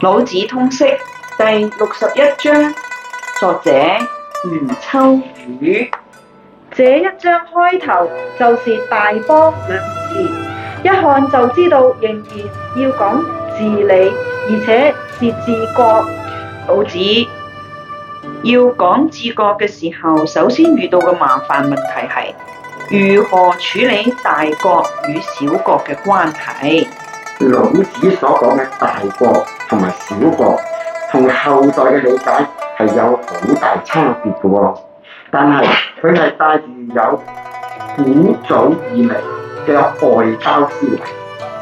老子通識第六十一章，作者余秋雨。這一章開頭就是“大邦”兩字，一看就知道仍然要講治理，而且是治國。老子要講治國嘅時候，首先遇到嘅麻煩問題係如何處理大國與小國嘅關係。老子所講嘅大國，同埋小國，同後代嘅理解係有好大差別嘅，但係佢係帶住有古早意味嘅外交思維，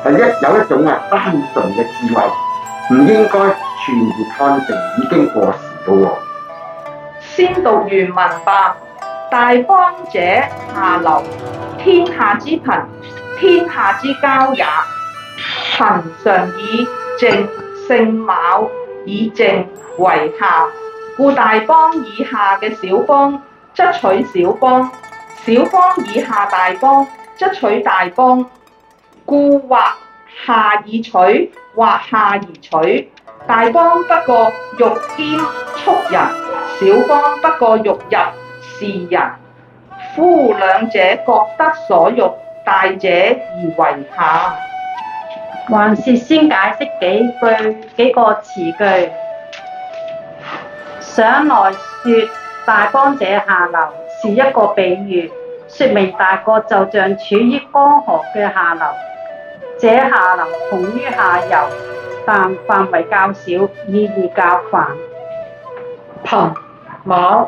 係一有一種啊單純嘅智慧，唔應該全面看定已經過時嘅。先讀原文吧，大邦者下流，天下之牝，天下之交也。牝常以靜，正卯以正為下，故大邦以下嘅小邦，則取小邦。小邦以下大邦，則取大邦。故或下以取，或下而取。大邦不過欲兼畜人，小邦不過欲入事人。夫兩者各得所欲，大者而為下。還是先解釋幾句幾個詞句。上來說，大江者下流是一個比喻，說明大國就像處於江河嘅下流，這下流同於下游，但範圍較小，意義較繁。「牝、牡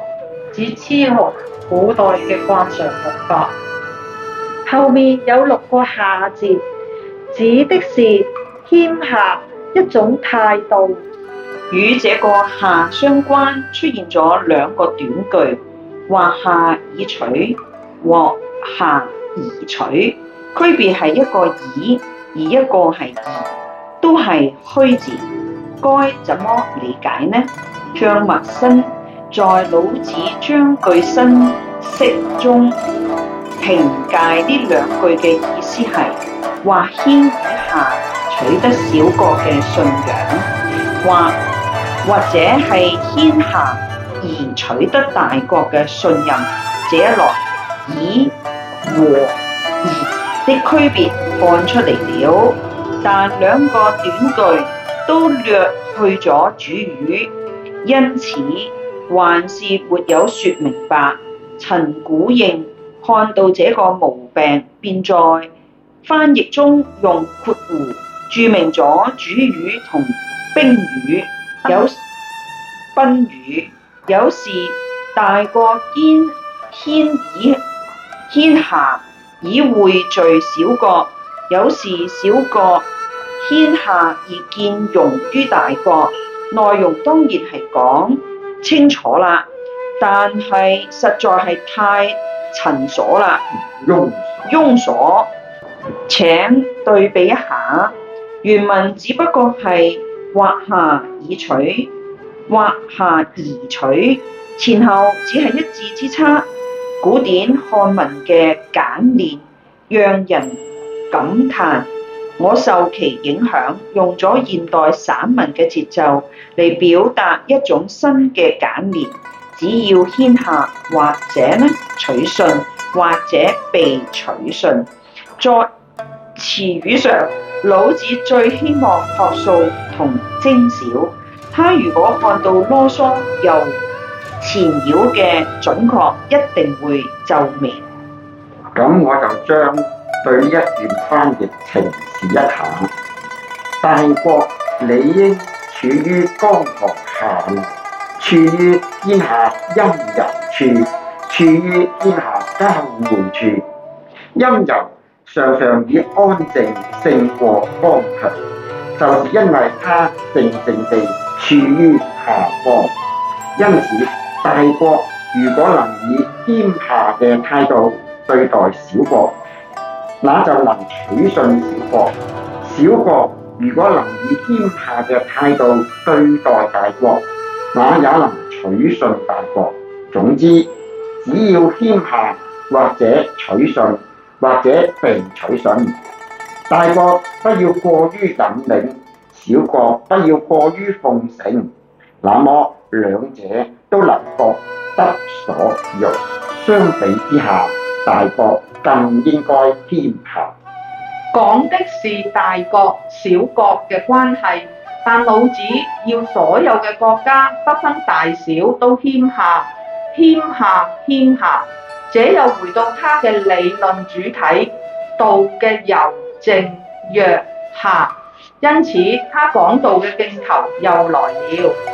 指雌雄古代嘅慣常讀法，後面有六個下字。指的是謙下一種態度，與這個下相關，出現咗兩個短句，或下以取，或下而取，區別係一個以，而一個係都係虛字，該怎麼理解呢？張默生在《老子》將句新釋中評價呢兩句嘅意思係。或謙下取得小國嘅信仰，或或者係謙下而取得大國嘅信任，這一來以和而的區別看出嚟了。但兩個短句都略去咗主語，因此還是沒有說明白。陳古應看到這個毛病，便在。翻譯中用括弧注明咗主語同賓語，有賓語，有時大國兼兼以天下以匯聚小國，有時小國天下以見容於大國。內容當然係講清楚啦，但係實在係太陳瑣啦，庸庸瑣。請對比一下，原文只不過係畫下以取，畫下而取，前後只係一字之差。古典漢文嘅簡練，讓人感嘆。我受其影響，用咗現代散文嘅節奏嚟表達一種新嘅簡練。只要謙下，或者呢取信，或者被取信，再。詞語上，老子最希望樸素同精少。他如果看到囉嗦又纏繞嘅準確，一定會皺眉。咁我就將對一段翻譯呈示一下：「大國理應處於江河下流，處於天下陰柔處，處於天下交匯處，陰柔。常常以安靜勝過剛強，就是因為他靜靜地處於下方。因此，大國如果能以天下嘅態度對待小國，那就能取信小國；小國如果能以天下嘅態度對待大國，那也能取信大國。總之，只要天下或者取信。或者被取信，大國不要過於引領，小國不要過於奉承，那麼兩者都能得所欲。相比之下，大國更應該謙下。講的是大國小國嘅關係，但老子要所有嘅國家不分大小都謙下，謙下謙下。這又回到他嘅理論主體道嘅柔靜弱下，因此他講道嘅鏡頭又來了。